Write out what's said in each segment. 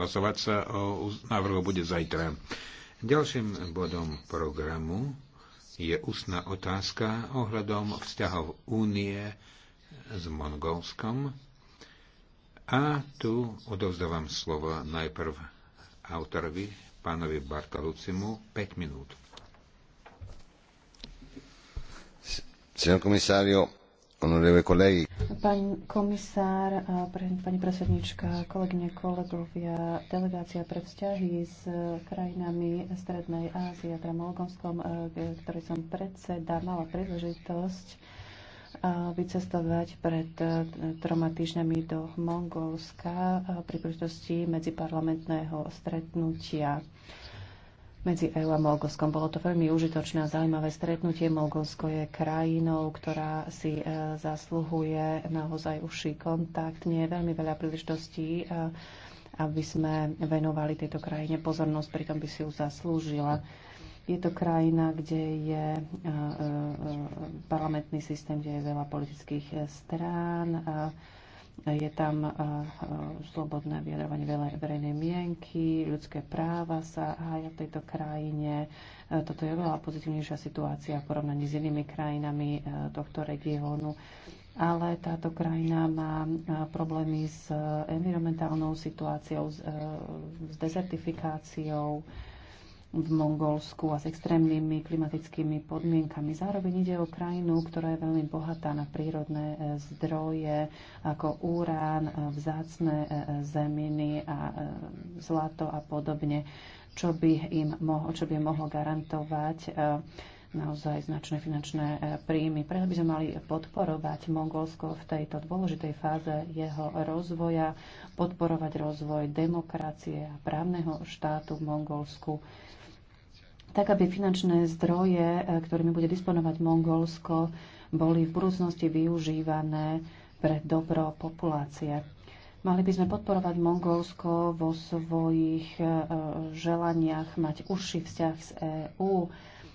hlasovať sa o návrhu bude zajtra. Ďalším bodom programu je ústna otázka ohľadom vzťahov únie s Mongolskom. A tu odovzdávam slovo najprv autorovi, pánovi Bartalucimu, 5 minút. Signor komisario, Pán komisár, pani predsednička, kolegyne, kolegovia, delegácia pre vzťahy s krajinami Strednej Ázie, teda Molgonskom, e, ktorý som predseda, mala príležitosť e, vycestovať pred e, troma týždňami do Mongolska pri príležitosti medziparlamentného stretnutia medzi EU a Moldovskom. Bolo to veľmi užitočné a zaujímavé stretnutie. Moldovsko je krajinou, ktorá si e, zasluhuje naozaj užší kontakt. Nie je veľmi veľa príležitostí, e, aby sme venovali tejto krajine pozornosť, pritom by si ju zaslúžila. Je to krajina, kde je e, parlamentný systém, kde je veľa politických strán. A, je tam eh, eh, slobodné vyjadrovanie verejnej mienky, ľudské práva sa hája v tejto krajine. Eh, toto je veľa pozitívnejšia situácia v porovnaní s inými krajinami tohto regiónu. Ale táto krajina má problémy s environmentálnou situáciou, s dezertifikáciou, v Mongolsku a s extrémnymi klimatickými podmienkami. Zároveň ide o krajinu, ktorá je veľmi bohatá na prírodné e, zdroje ako úrán, e, vzácne e, zeminy a zlato a podobne, čo by, im mohlo, čo by im mohlo garantovať naozaj značné finančné príjmy. Preto by sme mali podporovať Mongolsko v tejto dôležitej fáze jeho rozvoja, podporovať rozvoj demokracie a právneho štátu v Mongolsku tak aby finančné zdroje, e, ktorými bude disponovať Mongolsko, boli v budúcnosti využívané pre dobro populácie. Mali by sme podporovať Mongolsko vo svojich e, želaniach mať užší vzťah s EÚ.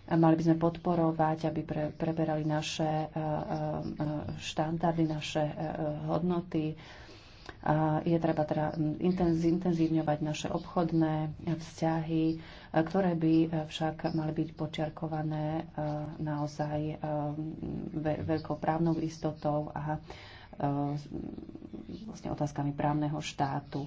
Mali by sme podporovať, aby pre, preberali naše e, štandardy, naše hodnoty je treba teda zintenzívňovať naše obchodné vzťahy, e, ktoré by e, však mali byť počiarkované e, naozaj veľkou právnou istotou a vlastne otázkami právneho štátu.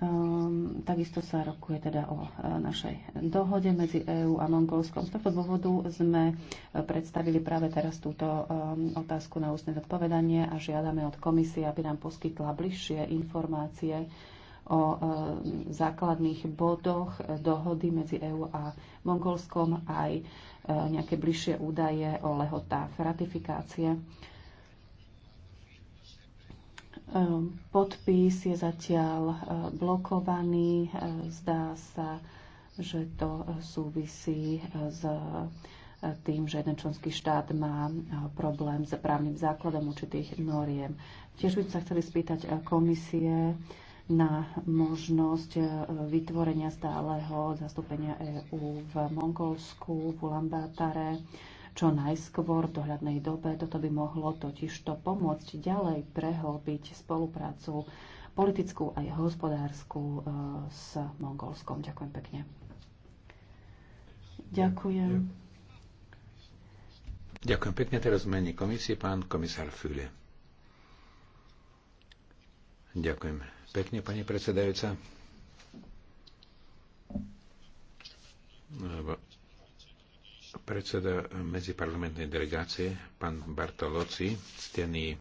Um, takisto sa rokuje teda o e, našej dohode medzi EÚ a Mongolskom. Z tohto dôvodu sme e, predstavili práve teraz túto um, otázku na ústne zodpovedanie a žiadame od komisie, aby nám poskytla bližšie informácie o uh, základných bodoch dohody medzi EÚ a Mongolskom aj nejaké bližšie údaje o lehotách ratifikácie. Ehm, podpis je zatiaľ eh, blokovaný. Eh, zdá sa, že to eh, súvisí s tým, že jeden členský štát má problém s právnym základom určitých noriem. Tiež by sa chceli spýtať komisie na možnosť vytvorenia stáleho zastúpenia EÚ v Mongolsku, v Ulambátare čo najskôr v dohľadnej dobe. Toto by mohlo totiž to pomôcť ďalej prehlbiť spoluprácu politickú aj hospodárskú e, s Mongolskom. Ďakujem pekne. Ďakujem. Ďakujem pekne. Teraz mení komisie pán komisár Füle. Ďakujem pekne, pani predsedajúca. predseda medziparlamentnej delegácie, pán Bartoloci, ctení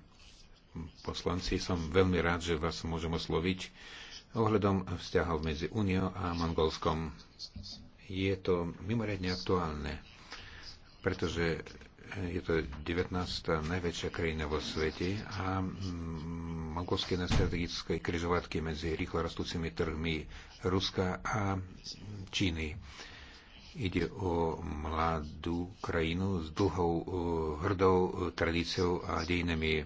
poslanci, som veľmi rád, že vás môžem osloviť ohľadom vzťahov medzi Úniou a Mongolskom. Je to mimoriadne aktuálne, pretože je to 19. najväčšia krajina vo svete a mongolské na strategickej križovatke medzi rýchlo rastúcimi trhmi Ruska a Číny Ide o mladú krajinu s dlhou, e, hrdou e, tradíciou a dejinami. E,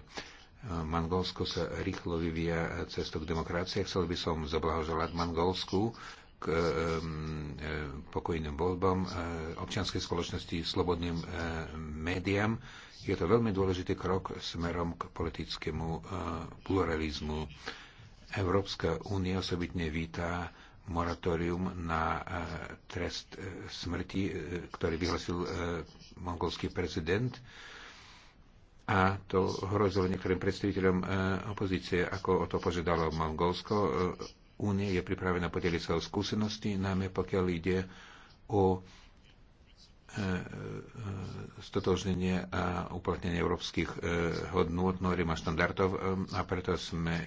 Mangolsko sa rýchlo vyvíja cestou k demokracii. Chcel by som zablahoželať Mangolsku k pokojným voľbám občianskej spoločnosti, slobodným médiám. Je to veľmi dôležitý krok smerom k politickému pluralizmu. Európska únia osobitne vítá moratórium na e, trest e, smrti, e, ktorý vyhlasil mongolský prezident. A to hrozilo niektorým predstaviteľom opozície, ako o to požiadalo Mongolsko. Únie je pripravená podeliť sa o skúsenosti, najmä pokiaľ ide o E, e, stotožnenie a uplatnenie európskych e, hodnôt, noriem a štandardov a preto sme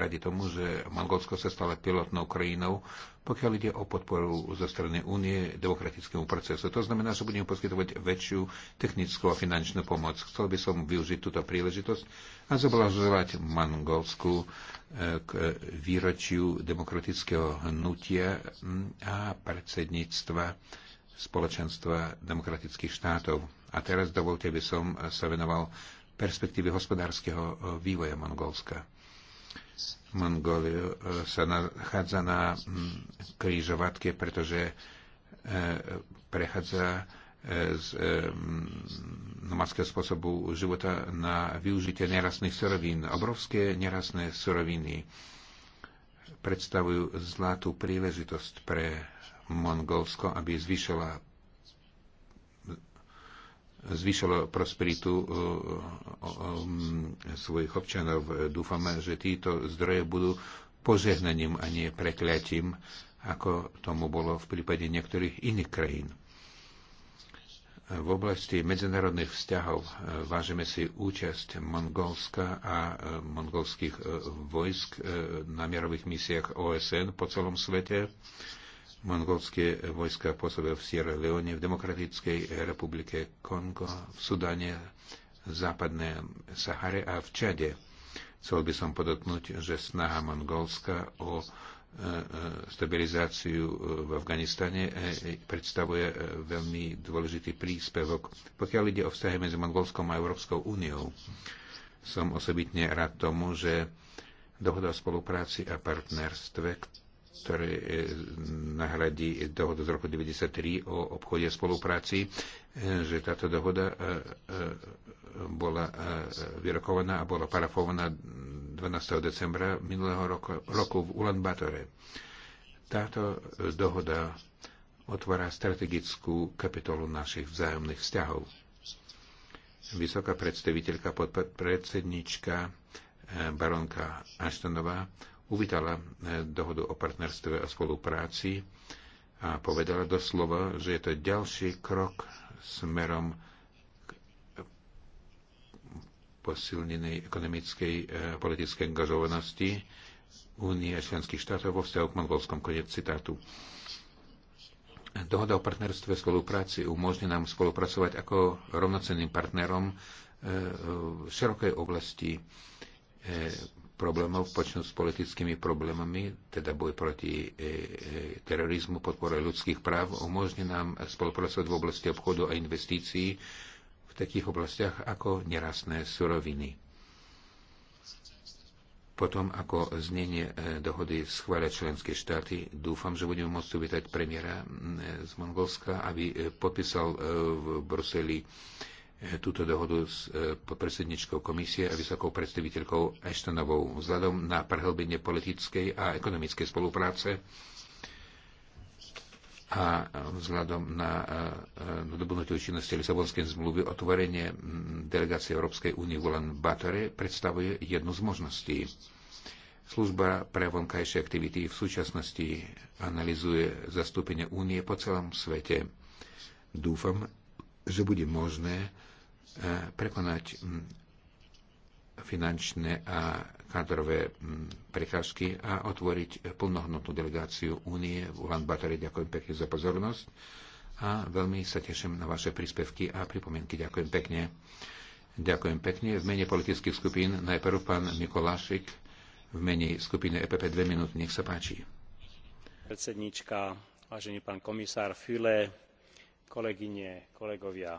radi tomu, že Mongolsko sa stalo pilotnou krajinou, pokiaľ ide o podporu zo strany únie demokratickému procesu. To znamená, že budeme poskytovať väčšiu technickú a finančnú pomoc. Chcel by som využiť túto príležitosť a zablažovať Mongolsku k výročiu demokratického hnutia a predsedníctva spoločenstva demokratických štátov. A teraz dovolte, by som sa venoval perspektíve hospodárskeho eh, vývoja Mongolska. Mongolia eh, sa nachádza na mm, krížovatke, pretože eh, prechádza z nomadského spôsobu života na využitie nerastných surovín. Obrovské nerastné suroviny predstavujú zlatú príležitosť pre Mongolsko, aby zvyšila zvyšilo prosperitu uh, uh, um, svojich občanov. Dúfame, že títo zdroje budú požehnaním a nie prekliatím, ako tomu bolo v prípade niektorých iných krajín. V oblasti medzinárodných vzťahov uh, vážime si účasť Mongolska a mongolských vojsk na mierových misiách OSN po celom svete mongolské vojska pôsobia v Sierra Leone, v Demokratickej republike Kongo, v Sudane, v západnej Sahare a v Čade. Chcel by som podotknúť, že snaha Mongolska o e, e, stabilizáciu v Afganistane e, predstavuje veľmi dôležitý príspevok. Pokiaľ ide o vztahy medzi Mongolskom a Európskou úniou, som osobitne rád tomu, že dohoda o spolupráci a partnerstve, ktoré e, nahradí dohodu z roku 1993 o obchode a spolupráci, e, že táto dohoda e, bola vyrokovaná a bola parafovaná 12. decembra minulého roku, roku v Ulan Batore. Táto dohoda otvára strategickú kapitolu našich vzájomných vzťahov. Vysoká predstaviteľka podpredsednička baronka Aštanová uvítala e, dohodu o partnerstve a spolupráci a povedala doslova, že je to ďalší krok smerom k posilnenej ekonomickej a e, politickej angažovanosti Únie a členských štátov vo vzťahu k mongolskom. Konec citátu. Dohoda o partnerstve a spolupráci umožní nám spolupracovať ako rovnocenným partnerom e, v širokej oblasti problémov počnúť s politickými problémami, teda boj proti e, e, terorizmu, podpora ľudských práv, umožní nám spolupracovať v oblasti obchodu a investícií v takých oblastiach ako nerastné suroviny. Potom, ako znenie e, dohody schvália členské štáty, dúfam, že budeme môcť uvítať premiéra e, z Mongolska, aby e, podpísal v Bruseli túto dohodu s e, podpredsedničkou komisie a vysokou predstaviteľkou Ashtonovou vzhľadom na prehlbenie politickej a ekonomickej spolupráce a vzhľadom na e, e, dobudnutie účinnosti Lisabonskej zmluvy otvorenie delegácie Európskej únie v Ulan Batore predstavuje jednu z možností. Služba pre vonkajšie aktivity v súčasnosti analizuje zastúpenie únie po celom svete. Dúfam, že bude možné E, prekonať finančné a kadrové prekážky a otvoriť plnohodnotnú delegáciu únie v Ulan Ďakujem pekne za pozornosť a veľmi sa teším na vaše príspevky a pripomienky. Ďakujem pekne. Ďakujem pekne. V mene politických skupín najprv pán Mikolášik v mene skupiny EPP 2 minúty. Nech sa páči. Predsednička, vážený pán komisár Füle, kolegyne, kolegovia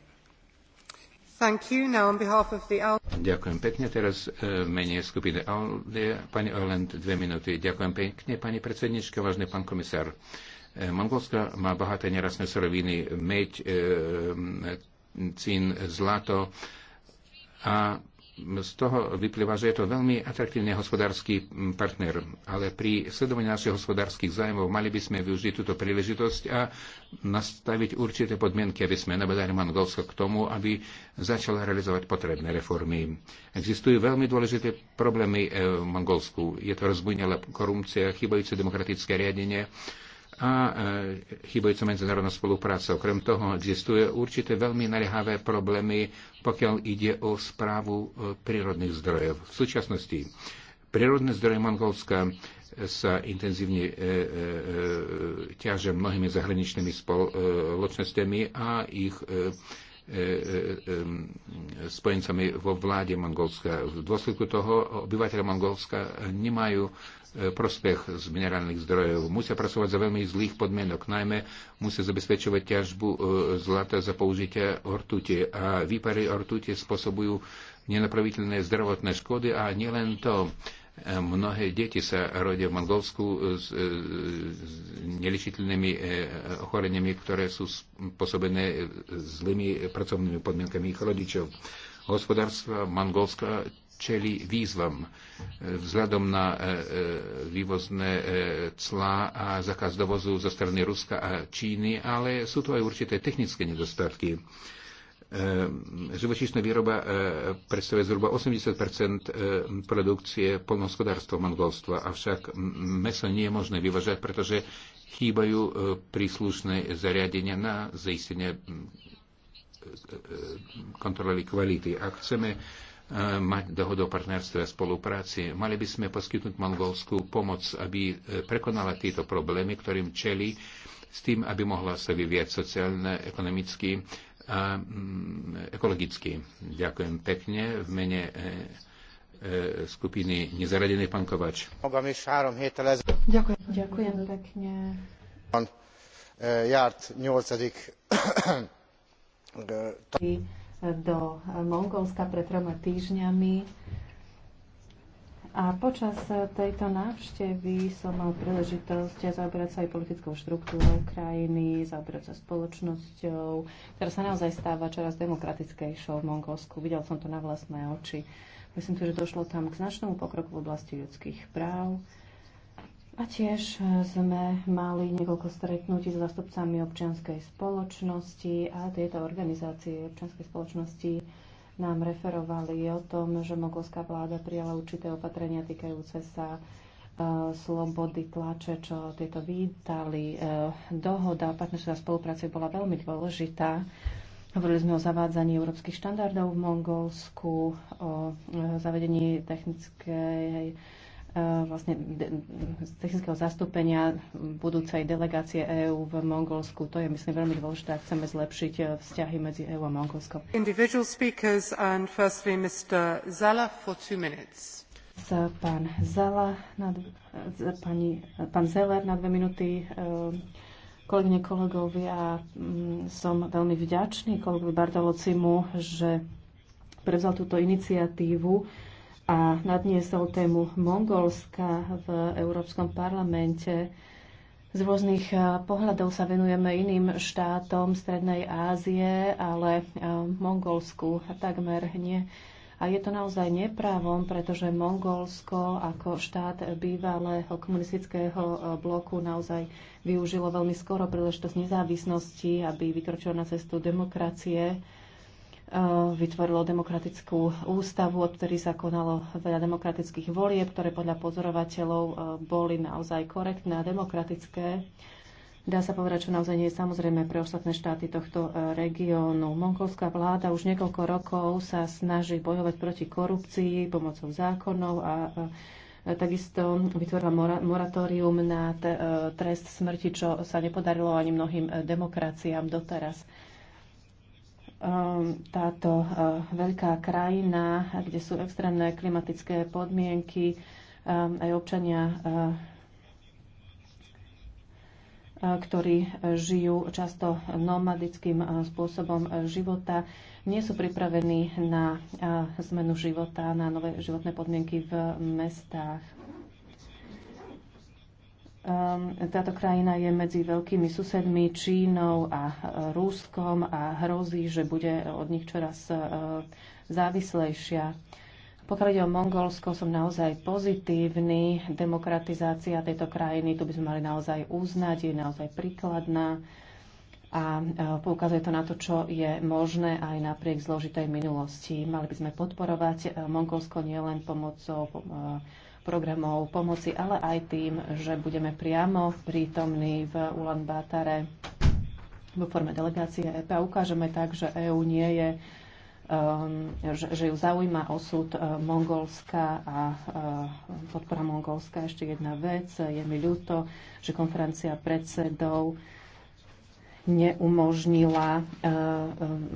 Ďakujem pekne. Teraz e, v mene skupiny ALDE, pani Oland, dve minúty. Ďakujem pekne, pani predsednička, vážny pán komisár. E, Mongolska má bohaté nerastné suroviny, meď, e, cín, zlato a z toho vyplýva, že je to veľmi atraktívny hospodársky partner. Ale pri sledovaní našich hospodárskych zájmov mali by sme využiť túto príležitosť a nastaviť určité podmienky, aby sme nabadali Mongolsko k tomu, aby začala realizovať potrebné reformy. Existujú veľmi dôležité problémy e, v Mongolsku. Je to rozbujnela korupcia, chybajúce demokratické riadenie, a e, chýbajúcou medzinárodnou spoluprácou. Okrem toho existuje určité veľmi naliehavé problémy, pokiaľ ide o správu e, prírodných zdrojov. V súčasnosti prírodné zdroje Mongolska e, sa intenzívne e, e, ťažia mnohými zahraničnými spoločnosťami a ich e, spojencami vo vláde Mongolska. V dôsledku toho obyvateľe Mongolska nemajú E, prospech z minerálnych zdrojov. Musia pracovať za veľmi zlých podmienok, najmä musia zabezpečovať ťažbu e, zlata za použitia ortute a výpary ortute spôsobujú nenapraviteľné zdravotné škody a nielen to. E, mnohé deti sa rodia v Mongolsku s, s neličiteľnými ochoreniami, ktoré sú spôsobené zlými pracovnými podmienkami ich rodičov. Hospodárstva Mongolska čeli výzvam e, vzhľadom na e, e, vývozné clá a zakaz dovozu zo strany Ruska a Číny, ale sú to aj určité technické nedostatky. Živočíšna výroba predstavuje zhruba 80 produkcie polnohospodárstva mongolstva, avšak meso nie je možné vyvažať, pretože chýbajú príslušné zariadenia na zaistenie kontroly kvality. Ak chceme mať dohodu o partnerstve a spolupráci. Mali by sme poskytnúť mongolskú pomoc, aby e, prekonala tieto problémy, ktorým čeli, s tým, aby mohla sa vyvíjať sociálne, ekonomicky a mm, ekologicky. Ďakujem pekne v mene e, e, skupiny Nezaradený pán Kovač. Ďakujem, ďakujem pekne. Járt 8. do Mongolska pred troma týždňami. A počas tejto návštevy som mal príležitosť zaoberať sa aj politickou štruktúrou krajiny, zaoberať sa spoločnosťou, ktorá sa naozaj stáva čoraz demokratickejšou v Mongolsku. Videl som to na vlastné oči. Myslím si, že došlo tam k značnému pokroku v oblasti ľudských práv a tiež e, sme mali niekoľko stretnutí s zastupcami občianskej spoločnosti a tieto organizácie občianskej spoločnosti nám referovali o tom, že mongolská vláda prijala určité opatrenia týkajúce sa e, slobody tlače, čo tieto vítali. E, dohoda o partnerstve a spolupráci bola veľmi dôležitá. Hovorili sme o zavádzaní európskych štandardov v Mongolsku, o zavedení technickej Eh, vlastne z technického zastúpenia budúcej delegácie EÚ v Mongolsku. To je, myslím, veľmi dôležité, ak chceme zlepšiť eh, vzťahy medzi EÚ a Mongolskom. Firstly, Zala pán Zala na, pani, pán Zeller na dve minúty. Eh, kolegyne, kolegovi, ja mm, som veľmi vďačný kolegovi Bartolocimu, že prevzal túto iniciatívu a nadniesol tému Mongolska v Európskom parlamente. Z rôznych pohľadov sa venujeme iným štátom Strednej Ázie, ale Mongolsku takmer nie. A je to naozaj neprávom, pretože Mongolsko ako štát bývalého komunistického bloku naozaj využilo veľmi skoro príležitosť nezávislosti, aby vykročilo na cestu demokracie Eh, vytvorilo demokratickú ústavu, od ktorej sa konalo veľa demokratických volieb, ktoré podľa pozorovateľov eh, boli naozaj korektné a demokratické. Dá sa povedať, čo naozaj nie je samozrejme pre ostatné štáty tohto eh, regiónu. Mongolská vláda už niekoľko rokov sa snaží bojovať proti korupcii pomocou zákonov a takisto vytvorila moratórium na trest smrti, čo sa nepodarilo ani mnohým demokraciám doteraz. Ehm, táto eh, veľká krajina, kde sú extrémne klimatické podmienky, ehm, aj občania, eh, eh, ktorí žijú často nomadickým spôsobom života, nie sú pripravení na zmenu života, na nové životné podmienky v mestách. Um, táto krajina je medzi veľkými susedmi Čínou a e, Rúskom a hrozí, že bude od nich čoraz e, závislejšia. Pokiaľ ide o Mongolsko, som naozaj pozitívny. Demokratizácia tejto krajiny, tu by sme mali naozaj uznať, je naozaj príkladná a e, poukazuje to na to, čo je možné aj napriek zložitej minulosti. Mali by sme podporovať Mongolsko nielen pomocou programov pomoci, ale aj tým, že budeme priamo prítomní v Ulan Bátare vo forme delegácie EP. a Ukážeme tak, že EÚ nie je um, že, že ju zaujíma osud uh, Mongolska a uh, podpora Mongolska. Ešte jedna vec, je mi ľúto, že konferencia predsedov neumožnila e, e,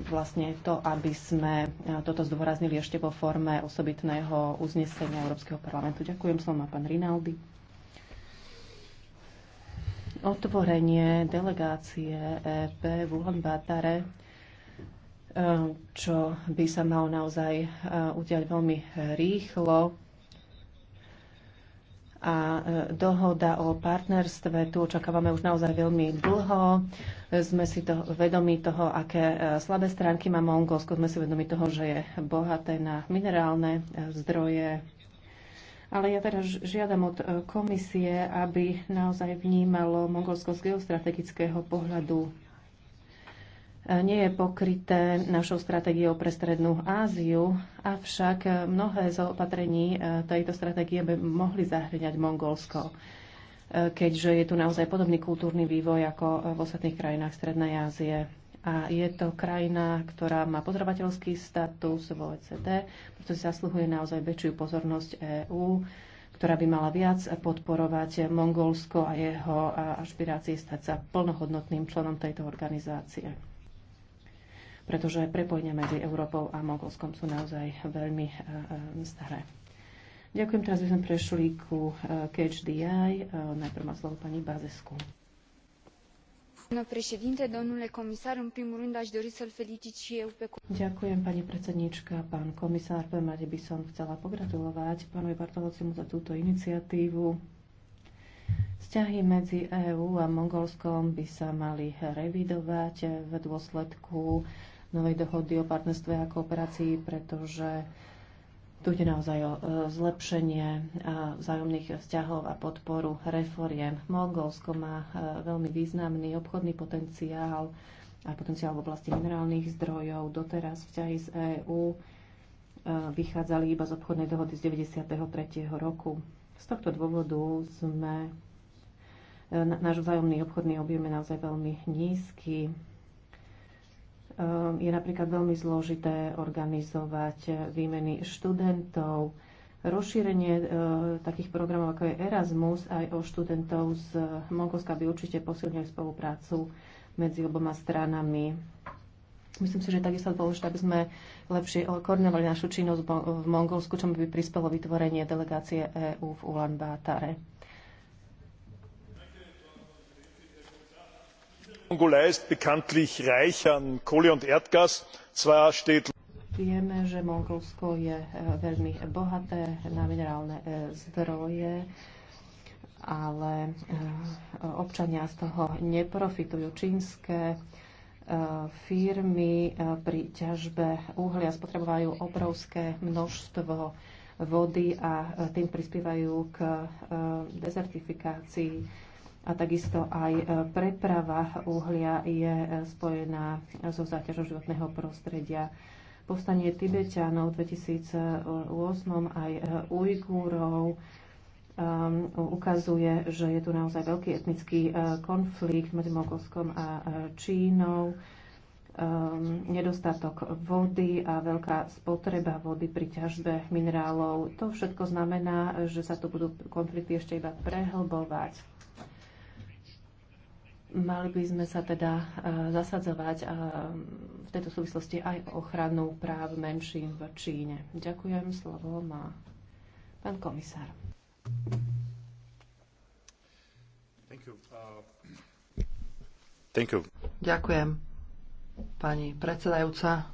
vlastne to, aby sme e, toto zdôraznili ešte vo forme osobitného uznesenia Európskeho parlamentu. Ďakujem, slovo má pán Rinaldi. Otvorenie delegácie EP v ulan čo by sa malo naozaj udiať veľmi rýchlo, a e, dohoda o partnerstve tu očakávame už naozaj veľmi dlho. Sme si to vedomi toho, aké e, slabé stránky má Mongolsko. Sme si vedomi toho, že je bohaté na minerálne e, zdroje. Ale ja teraz žiadam od komisie, aby naozaj vnímalo Mongolsko z geostrategického pohľadu nie je pokryté našou stratégiou pre Strednú Áziu, avšak mnohé z opatrení e, tejto stratégie by mohli zahrňať Mongolsko, e, keďže je tu naozaj podobný kultúrny vývoj ako e, v ostatných krajinách Strednej Ázie. A je to krajina, ktorá má pozorovateľský status v OECD, preto si zasluhuje naozaj väčšiu pozornosť EÚ, ktorá by mala viac podporovať Mongolsko a jeho ašpirácie stať sa plnohodnotným členom tejto organizácie pretože prepojenia medzi Európou a Mongolskom sú naozaj veľmi eh, eh, staré. Ďakujem, teraz by sme prešli ku eh, Catch the Eye. Najprv má slovo pani bazesku. Comisar, rând, pe... Ďakujem, pani predsednička, pán komisár. Prvom rade by som chcela pogratulovať pánovi Bartolovcimu za túto iniciatívu. Vzťahy medzi EÚ a Mongolskom by sa mali revidovať v dôsledku novej dohody o partnerstve a kooperácii, pretože tu ide naozaj o e, zlepšenie e, vzájomných vzťahov a podporu reforiem. Mongolsko má e, veľmi významný obchodný potenciál a potenciál v oblasti minerálnych zdrojov. Doteraz vzťahy z EÚ vychádzali iba z obchodnej dohody z 93. roku. Z tohto dôvodu sme náš vzájomný obchodný objem je naozaj veľmi nízky. Ehm, je napríklad veľmi zložité organizovať výmeny študentov, rozšírenie ehm, takých programov ako je Erasmus aj o študentov z Mongolska by určite posilnili spoluprácu medzi oboma stranami. Myslím si, že takisto dôležité, aby sme lepšie koordinovali našu činnosť v Mongolsku, čo by prispelo vytvorenie delegácie EÚ v Ulan Bátare. mongolei ist bekanntlich reich an kohle und erdgas. zwar steht Vieme, že Mongolsko je e, veľmi bohaté na minerálne e, zdroje, ale e, občania z toho neprofitujú. Čínske firmy pri ťažbe uhlia spotrebovajú obrovské množstvo vody a tým prispievajú k dezertifikácii a takisto aj e, preprava uhlia je e, spojená e, so záťažou životného prostredia. Povstanie Tibetanov v 2008 aj Ujgúrov um, ukazuje, že je tu naozaj veľký etnický uh, konflikt medzi Mongolskom a uh, Čínou, um, nedostatok vody a veľká spotreba vody pri ťažbe minerálov. To všetko znamená, že sa tu budú konflikty ešte iba prehlbovať. Mali by sme sa teda e, zasadzovať e, v tejto súvislosti aj ochranu práv menšín v Číne. Ďakujem, slovo má pán komisár. Uh, Thank you. Ďakujem, pani predsedajúca.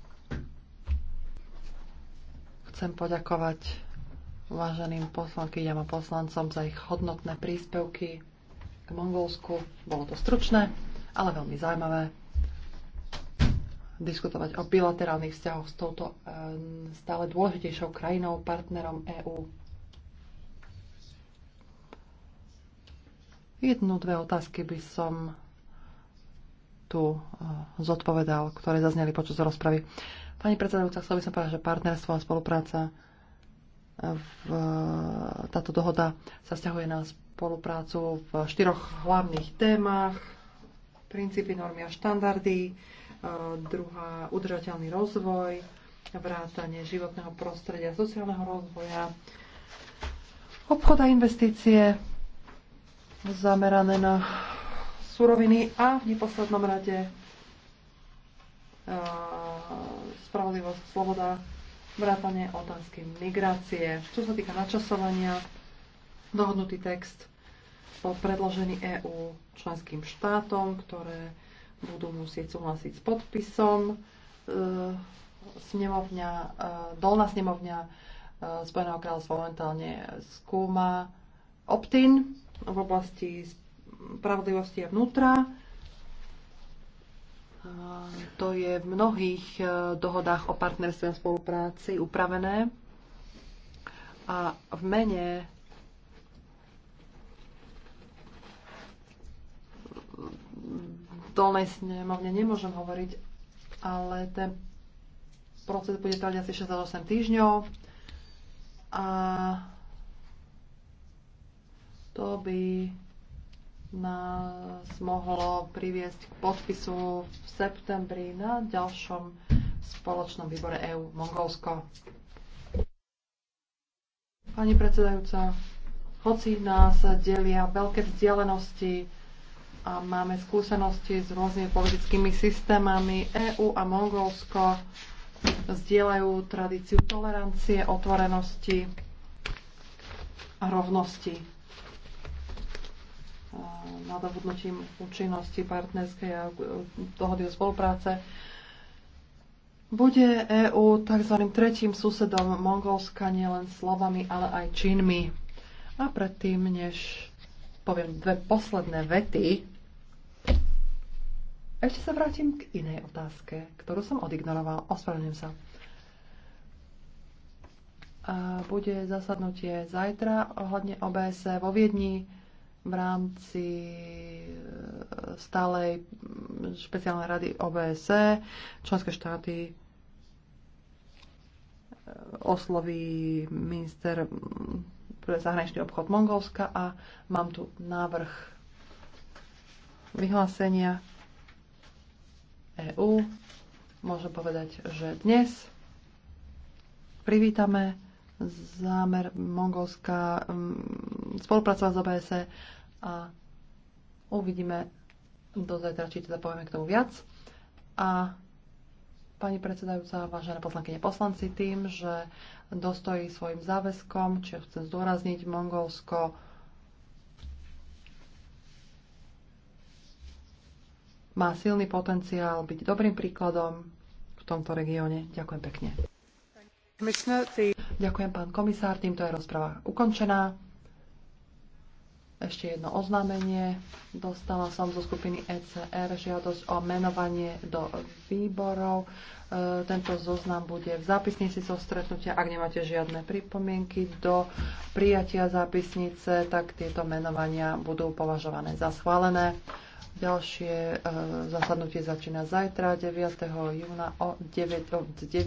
Chcem poďakovať váženým poslankyňam a poslancom za ich hodnotné príspevky k Mongolsku. Bolo to stručné, ale veľmi zaujímavé diskutovať o bilaterálnych vzťahoch s touto eh, stále dôležitejšou krajinou, partnerom EÚ. Jednu, dve otázky by som tu eh, zodpovedal, ktoré zazneli počas rozpravy. Pani predsedajúca, chcel by som povedať, že partnerstvo a spolupráca v, eh, táto dohoda sa vzťahuje na spoluprácu v štyroch hlavných témach. Princípy, normy a štandardy, e, druhá udržateľný rozvoj, vrátanie životného prostredia, sociálneho rozvoja, obchod a investície zamerané na suroviny a v neposlednom rade e, spravodlivosť, sloboda, vrátanie otázky migrácie. Čo sa týka načasovania, dohodnutý text bol predložený EÚ členským štátom, ktoré budú musieť súhlasiť s podpisom. E, snemovňa, e, dolná snemovňa e, Spojeného kráľovstva momentálne skúma optin v oblasti spravodlivosti a vnútra. E, to je v mnohých e, dohodách o partnerstve a spolupráci upravené. A v mene dolnej snemovne nemôžem hovoriť, ale ten proces bude trvať asi 6-8 týždňov a to by nás mohlo priviesť k podpisu v septembri na ďalšom spoločnom výbore EÚ Mongolsko. Pani predsedajúca, hoci nás delia veľké vzdialenosti, a máme skúsenosti s rôznymi politickými systémami. EÚ a Mongolsko zdieľajú tradíciu tolerancie, otvorenosti a rovnosti. E, nadobudnutím účinnosti partnerskej a dohody o spolupráce bude EÚ tzv. tretím susedom Mongolska nielen slovami, ale aj činmi. A predtým, než poviem dve posledné vety, ešte sa vrátim k inej otázke, ktorú som odignoroval. Ospravedlňujem sa. A bude zasadnutie zajtra ohľadne OBS vo Viedni v rámci e, stálej špeciálnej rady OBS, Členské štáty e, osloví minister pre zahraničný obchod Mongolska a mám tu návrh vyhlásenia EÚ. Môžem povedať, že dnes privítame zámer Mongolska mm, spolupracovať s OBS e a uvidíme do zajtra, či teda povieme k tomu viac. A Pani predsedajúca, vážené poslankyne poslanci, tým, že dostojí svojim záväzkom, čiže chcem zdôrazniť, Mongolsko má silný potenciál byť dobrým príkladom v tomto regióne. Ďakujem pekne. Ďakujem, pán komisár. Týmto je rozprava ukončená. Ešte jedno oznámenie. Dostala som zo skupiny ECR žiadosť o menovanie do výborov. E, tento zoznam bude v zápisnici so stretnutia. Ak nemáte žiadne pripomienky do prijatia zápisnice, tak tieto menovania budú považované za schválené. Ďalšie e, zasadnutie začína zajtra 9. júna o 9. 9.